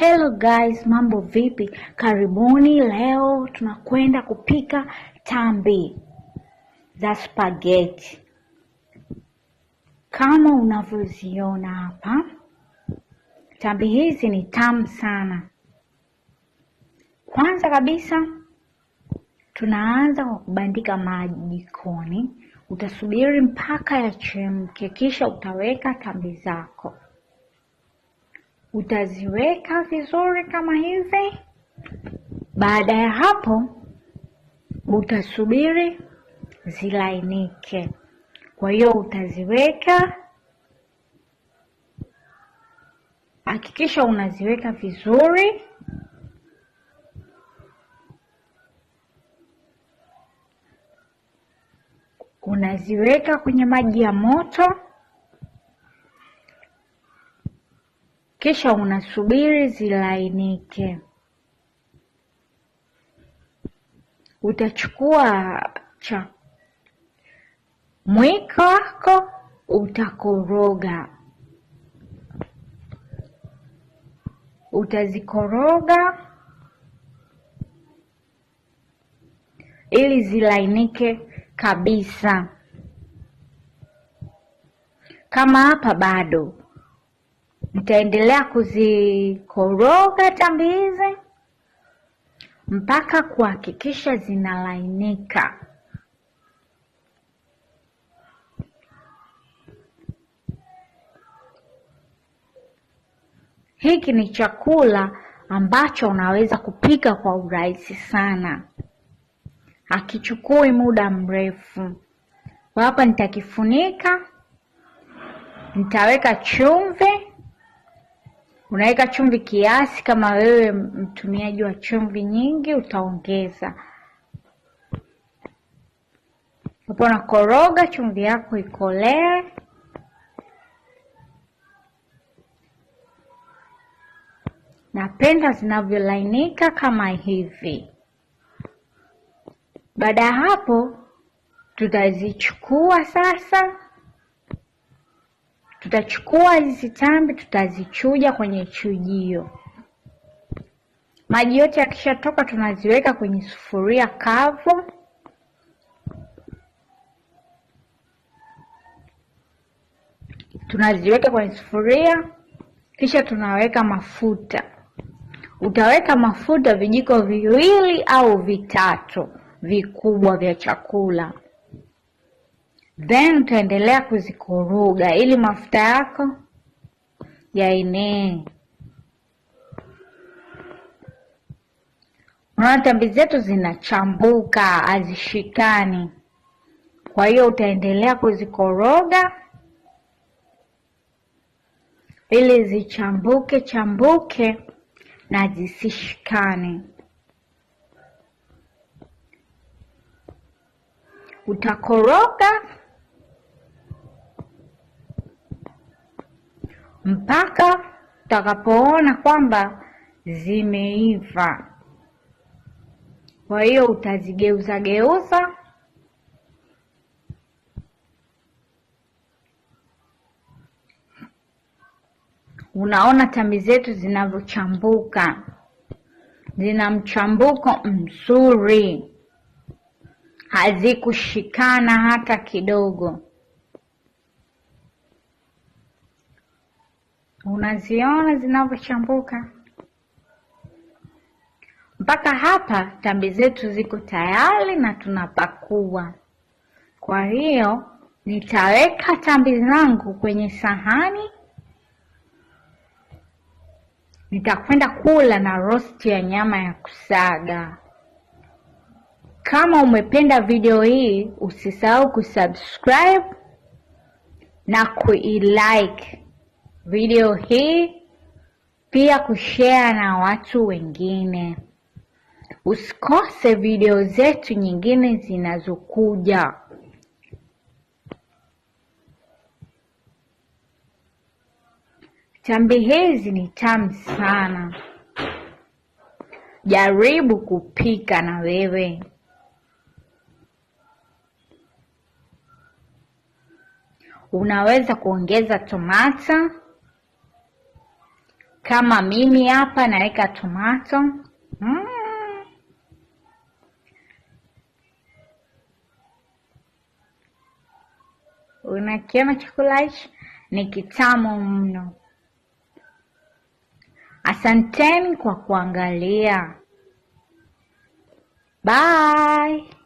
Hello guys, mambo vipi? Karibuni. Leo tunakwenda kupika tambi za spaghetti kama unavyoziona hapa. Tambi hizi ni tamu sana. Kwanza kabisa tunaanza kwa kubandika maji jikoni, utasubiri mpaka yachemke, kisha utaweka tambi zako utaziweka vizuri kama hivi. Baada ya hapo, utasubiri zilainike. Kwa hiyo utaziweka, hakikisha unaziweka vizuri. Unaziweka kwenye maji ya moto. kisha unasubiri zilainike utachukua cha mwiko wako utakoroga utazikoroga ili zilainike kabisa kama hapa bado Nitaendelea kuzikoroga tambizi mpaka kuhakikisha zinalainika. Hiki ni chakula ambacho unaweza kupika kwa urahisi sana, hakichukui muda mrefu. Kwa hapa nitakifunika, nitaweka chumvi Unaweka chumvi kiasi, kama wewe mtumiaji wa chumvi nyingi utaongeza. Hapo unakoroga chumvi yako ikolee. Napenda zinavyolainika kama hivi. Baada ya hapo, tutazichukua sasa Tutachukua hizi tambi tutazichuja kwenye chujio. Maji yote yakishatoka, tunaziweka kwenye sufuria kavu. Tunaziweka kwenye sufuria, kisha tunaweka mafuta. Utaweka mafuta vijiko viwili au vitatu vikubwa vya chakula then utaendelea kuzikoroga ili mafuta yako yaenee. Unaona tambi zetu zinachambuka, hazishikani. Kwa hiyo utaendelea kuzikoroga ili zichambuke chambuke na zisishikane. Utakoroga mpaka utakapoona kwamba zimeiva. Kwa hiyo utazigeuza geuza Unaona tambi zetu zinavyochambuka, zina mchambuko mzuri, hazikushikana hata kidogo. Unaziona zinavyochambuka. Mpaka hapa tambi zetu ziko tayari na tunapakua. Kwa hiyo nitaweka tambi zangu kwenye sahani, nitakwenda kula na rosti ya nyama ya kusaga. Kama umependa video hii, usisahau kusubscribe na kuilike video hii, pia kushare na watu wengine. Usikose video zetu nyingine zinazokuja. Tambi hizi ni tamu sana, jaribu kupika na wewe. Unaweza kuongeza tomata kama mimi hapa naweka tomato mm. Unakiona chakula hichi ni kitamu mno. Asanteni kwa kuangalia. Bye.